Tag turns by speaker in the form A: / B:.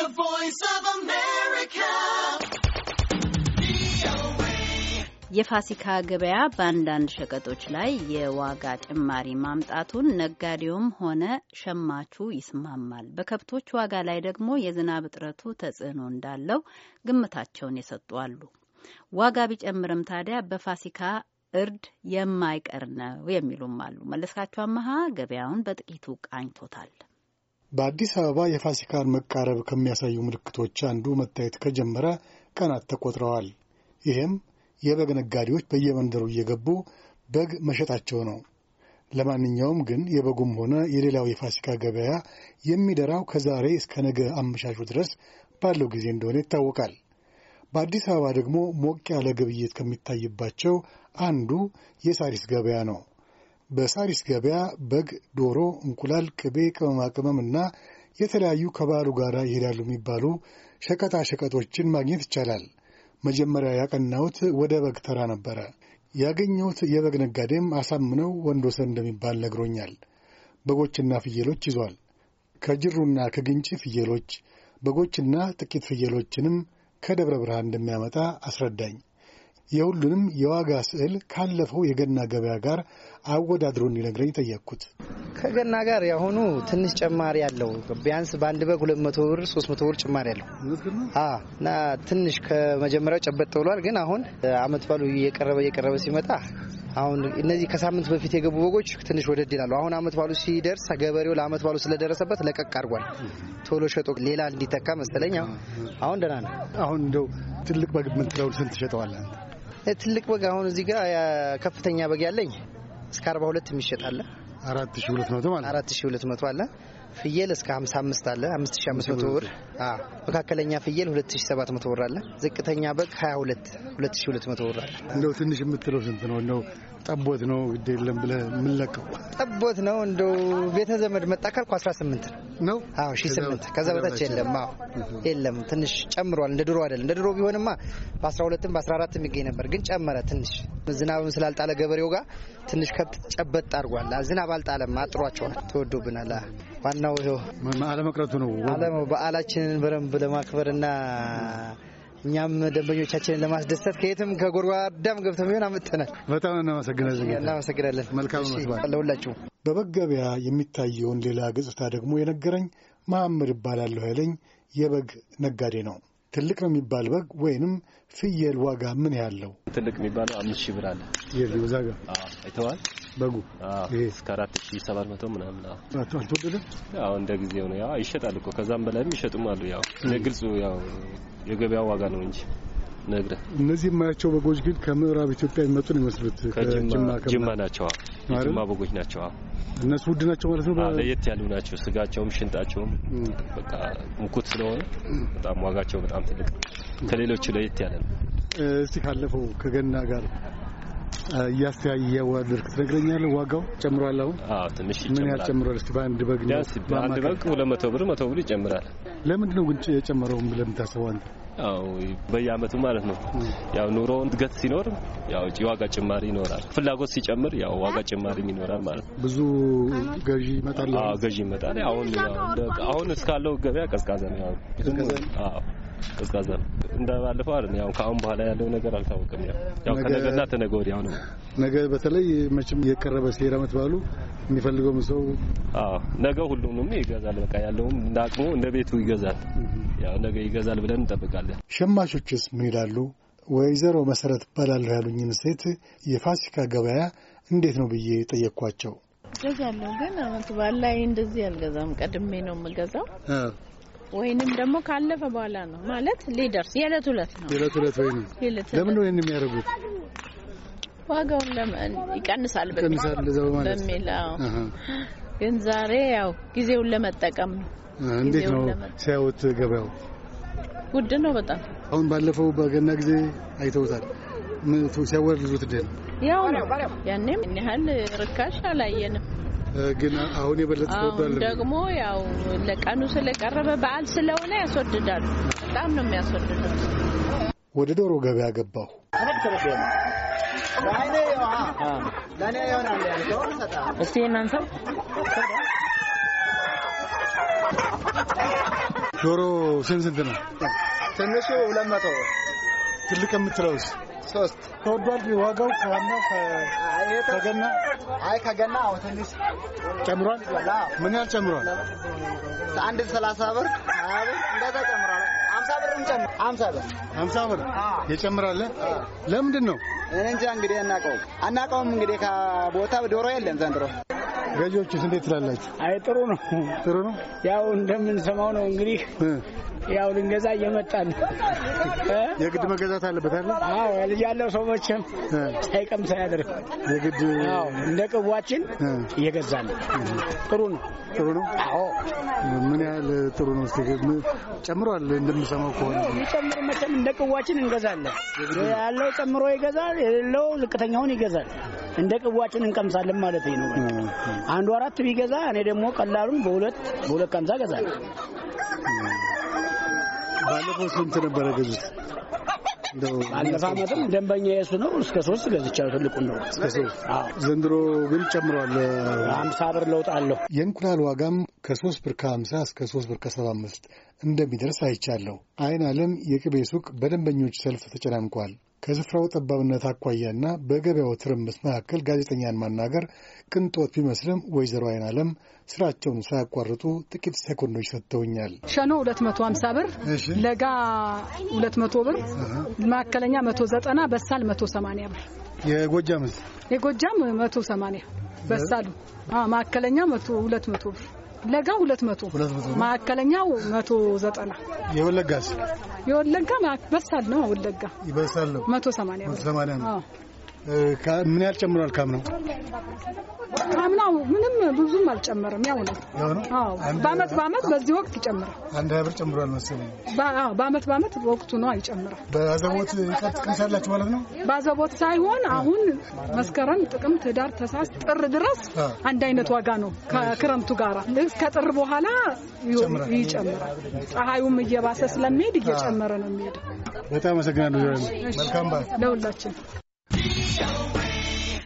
A: The Voice of America. የፋሲካ ገበያ በአንዳንድ ሸቀጦች ላይ የዋጋ ጭማሪ ማምጣቱን ነጋዴውም ሆነ ሸማቹ ይስማማል። በከብቶች ዋጋ ላይ ደግሞ የዝናብ እጥረቱ ተጽዕኖ እንዳለው ግምታቸውን የሰጡ አሉ። ዋጋ ቢጨምርም ታዲያ በፋሲካ እርድ የማይቀር ነው የሚሉም አሉ። መለስካቸው አመሃ ገበያውን በጥቂቱ ቃኝቶታል።
B: በአዲስ አበባ የፋሲካን መቃረብ ከሚያሳዩ ምልክቶች አንዱ መታየት ከጀመረ ቀናት ተቆጥረዋል። ይህም የበግ ነጋዴዎች በየመንደሩ እየገቡ በግ መሸጣቸው ነው። ለማንኛውም ግን የበጉም ሆነ የሌላው የፋሲካ ገበያ የሚደራው ከዛሬ እስከ ነገ አመሻሹ ድረስ ባለው ጊዜ እንደሆነ ይታወቃል። በአዲስ አበባ ደግሞ ሞቅ ያለ ግብይት ከሚታይባቸው አንዱ የሳሪስ ገበያ ነው። በሳሪስ ገበያ በግ፣ ዶሮ፣ እንቁላል፣ ቅቤ፣ ቅመማ ቅመም እና የተለያዩ ከበዓሉ ጋር ይሄዳሉ የሚባሉ ሸቀጣ ሸቀጦችን ማግኘት ይቻላል። መጀመሪያ ያቀናሁት ወደ በግ ተራ ነበረ። ያገኘሁት የበግ ነጋዴም አሳምነው ወንዶሰን እንደሚባል ነግሮኛል። በጎችና ፍየሎች ይዟል። ከጅሩና ከግንጭ ፍየሎች፣ በጎችና ጥቂት ፍየሎችንም ከደብረ ብርሃን እንደሚያመጣ አስረዳኝ። የሁሉንም የዋጋ ስዕል ካለፈው የገና ገበያ ጋር አወዳድሮ እንዲነግረኝ ጠየቅኩት።
C: ከገና ጋር ያሁኑ ትንሽ ጭማሪ ያለው ቢያንስ በአንድ በግ ሁለት መቶ ብር ሶስት መቶ ብር ጭማሪ ያለው እና ትንሽ ከመጀመሪያው ጨበጥ ብሏል። ግን አሁን አመት ባሉ እየቀረበ እየቀረበ ሲመጣ አሁን እነዚህ ከሳምንት በፊት የገቡ በጎች ትንሽ ወደድ ይላሉ። አሁን አመት ባሉ ሲደርስ ገበሬው ለአመት ባሉ ስለደረሰበት ለቀቅ አድርጓል። ቶሎ ሸጦ ሌላ እንዲተካ መሰለኝ። አሁን ደህና ነው። አሁን እንደው ትልቅ በግ ምትለውን ስንት ትሸጠዋለህ? ትልቅ በግ አሁን እዚህ ጋር ከፍተኛ በግ ያለኝ እስከ 42 የሚሸጥ አለ። 4200 አለ። ፍየል እስከ 55 አለ 5500 ብር። አዎ መካከለኛ ፍየል 2700 ብር አለ። ዝቅተኛ በግ 22 2200 ብር አለ። እንደው ትንሽ የምትለው ስንት ነው? እንደው ጠቦት ነው ግድ የለም ብለህ የምንለቀው ጠቦት ነው። እንደው ቤተ ዘመድ መጣ ካልኩ 18 ነው። አዎ 18 ከዛ በታች የለም። አዎ የለም፣ ትንሽ ጨምሯል። እንደ ድሮ አይደለም። እንደ ድሮ ቢሆንማ በ 12 በ14ም ነበር፣ ግን ጨመረ ትንሽ ዝናብም ስላልጣለ ገበሬው ጋር ትንሽ ከብት ጨበጥ አድርጓል። ዝናብ አልጣለም፣ አጥሯቸዋል። ተወዶብናል። ዋናው ይኸው አለመቅረቱ ነው። በዓላችንን በደንብ ለማክበርና እኛም ደንበኞቻችንን ለማስደሰት ከየትም ከጎርጓዳም ገብተን ቢሆን አምጥተናል። በጣም እናመሰግናለን። እናመሰግናለን። መልካም መስባል ለሁላችሁ።
B: በበገበያ የሚታየውን ሌላ ገጽታ ደግሞ የነገረኝ መሐመድ እባላለሁ ያለኝ የበግ ነጋዴ ነው። ትልቅ ነው የሚባል በግ ወይንም ፍየል ዋጋ ምን ያለው?
A: ትልቅ የሚባለው አምስት ሺህ ብር አለ። እዛ ጋር አይተዋል። በጉ እስከ አራት ሺህ ሰባት መቶ ምናምን አልተወደደም። ያው እንደ ጊዜው ነው። ያው ይሸጣል እኮ ከዛም በላይም ይሸጡም አሉ። ያው ግልጹ ያው የገበያው ዋጋ ነው እንጂ ነግረ
B: እነዚህ የማያቸው በጎች ግን ከምዕራብ ኢትዮጵያ የሚመጡ ነው የሚመስሉት። ጅማ ናቸው፣
A: ጅማ በጎች ናቸው።
B: እነሱ ውድ ናቸው ማለት ነው።
A: ለየት ያሉ ናቸው። ስጋቸውም ሽንጣቸውም በቃ ሙኩት ስለሆነ በጣም ዋጋቸው በጣም ትልቅ ከሌሎቹ ለየት ያለ ነው።
B: እስቲ ካለፈው ከገና ጋር እያስተያየዋድርክ ትነግረኛለህ። ዋጋው ጨምሯል አሁን?
A: ትንሽ ይጨምራል። ምን ያህል ጨምሯል?
B: እስቲ በአንድ በግ ነው። በአንድ በግ
A: መቶ ብር መቶ ብር ይጨምራል።
B: ለምንድን ነው ግን የጨመረው ብለህ የምታስበው አንተ?
A: ያው በየአመቱ ማለት ነው። ያው ኑሮ እድገት ሲኖር ያው ዋጋ ጭማሪ ይኖራል። ፍላጎት ሲጨምር ያው ዋጋ ጭማሪ ይኖራል ማለት ነው።
B: ብዙ ገዢ
A: ይመጣል። አዎ ገዢ ይመጣል። አሁን አሁን እስካለው ገበያ ቀዝቃዛ ነው። ያው ቀዝቃዛ ነው። እንደባለፈው አይደል። ያው ከአሁን በኋላ ያለው ነገር አልታወቀም። ያው ያው ከነገና ተነገ ወዲያው ነው።
B: ነገ በተለይ መቼም የቀረበ ሲሄድ አመት ባሉ የሚፈልገውም ሰው
A: አዎ፣ ነገ ሁሉንም ይገዛል። በቃ ያለውም እንደ አቅሙ እንደ ቤቱ ይገዛል። ያው ነገ ይገዛል ብለን እንጠብቃለን።
B: ሸማቾችስ ምን ይላሉ? ወይዘሮ መሰረት እባላለሁ ያሉኝን ሴት የፋሲካ ገበያ እንዴት ነው ብዬ ጠየቅኳቸው።
A: ገዛለሁ ግን አመት በዓል ላይ እንደዚህ አልገዛም። ቀድሜ ነው የምገዛው ወይንም ደግሞ ካለፈ በኋላ ነው ማለት ሊደርስ የዕለት ሁለት ነው።
B: የዕለት ሁለት ወይ ነው። ለምን ነው ይሄን የሚያደርጉት?
A: ዋጋውን ለምን ይቀንሳል በሚል ግን ዛሬ ያው ጊዜውን ለመጠቀም ነው።
B: እንዴት ነው ሲያዩት ገበያው?
A: ውድ ነው በጣም
B: አሁን ባለፈው በገና ጊዜ አይተውታል። ሲያወር ልዙት ደል
C: ያው ነው ያኔም ያህል ርካሽ አላየንም።
B: ግን አሁን የበለጠ ተወዷል። ደግሞ
A: ያው ለቀኑ ስለቀረበ በዓል ስለሆነ ያስወድዳሉ። በጣም ነው የሚያስወድዱት።
B: ወደ ዶሮ ገበያ ገባሁ። ዶሮ ስንት ስንት ነው? ትንሹ ሁለት መቶ ትልቅ የምትለውስ
C: ሶስት ተወዷል። ዋጋው ከዋናው ከገና አይ ከገና አዎ ትንሽ
B: ጨምሯል። ምን ያህል ጨምሯል?
C: አንድ ሰላሳ ብር ሀያ ብር እንደዛ ጨምሯል። ሀምሳ ብርም ጨምሯል። ሀምሳ ብር ሀምሳ ብር የጨምራለ። ለምንድን ነው እንጃ እንግዲህ አናውቀውም አናውቀውም። እንግዲህ ከቦታ ዶሮ የለም ዘንድሮ
B: ገዢዎቹስ እንዴት ትላላችሁ? አይ ጥሩ ነው ጥሩ ነው። ያው እንደምንሰማው ነው እንግዲህ
A: ያው ልንገዛ እየመጣን የግድ መገዛት አለበት አለ። አዎ ልጅ ያለው ሰው መቼም ሳይቀም ሳያደርግ የግድ እንደ ቅቧችን እየገዛን
B: ጥሩ ነው። ጥሩ ነው። አዎ ምን ያህል ጥሩ ነው። እስቲ ጨምሯል እንደምሰማው ከሆነ ጨምር መቼም
A: እንደ ቅቧችን እንገዛለን። ያለው ጨምሮ ይገዛል፣ የሌለው ዝቅተኛውን ይገዛል። እንደ ቅቧችን እንቀምሳለን ማለት ነው። አንዱ አራት ቢገዛ እኔ ደግሞ ቀላሉን በሁለት በሁለት ቀምሳ እገዛለሁ።
B: ባለፈው ስንት ነበረ ገዙት? ባለፈው ዓመትም ደንበኛ የሱ ነው እስከ ሶስት ገዝቻለሁ። ትልቁ ነው እስከ ዘንድሮ ግን ጨምሯል። ሀምሳ ብር ለውጥ አለሁ። የእንቁላል ዋጋም ከሶስት ብር ከሀምሳ እስከ ሶስት ብር ከሰባ አምስት እንደሚደርስ አይቻለሁ። አይን አለም የቅቤ ሱቅ በደንበኞች ሰልፍ ተጨናንቋል። ከስፍራው ጠባብነት አኳያና በገበያው ትርምስ መካከል ጋዜጠኛን ማናገር ቅንጦት ቢመስልም ወይዘሮ አይን አለም ስራቸውን ሳያቋርጡ ጥቂት ሴኮንዶች ሰጥተውኛል።
A: ሸኖ 250 ብር፣ ለጋ 200 ብር፣ መካከለኛ 190፣ በሳል 180 ብር። የጎጃም የጎጃም 180 በሳሉ፣ ማዕከለኛ 200 ብር ለጋ ሁለት መቶ ማዕከለኛው መቶ ዘጠና የወለጋስ የወለጋ በሳል ነው። ወለጋ ይበሳል ነው መቶ ሰማንያ ነው።
B: ምን ያህል ጨምሯል? ካምናው
A: ካምናው ምንም ብዙም አልጨመረም። ያው ነው። አዎ በአመት በአመት በዚህ ወቅት ይጨምራል።
B: አንድ ሀያ ብር ጨምሯል መሰለኝ።
A: በአመት በአመት ወቅቱ ነው ይጨምራል። በአዘቦት ቀጥ ቀን ማለት ነው። በአዘቦት ሳይሆን አሁን መስከረም፣ ጥቅምት፣ ህዳር፣ ተሳስ ጥር ድረስ አንድ አይነት ዋጋ ነው ከክረምቱ ጋራ። ከጥር በኋላ ይጨምራል። ፀሐዩም እየባሰ ስለሚሄድ እየጨመረ ነው የሚሄደው።
B: በጣም አመሰግናለሁ።
A: ለሁላችን show.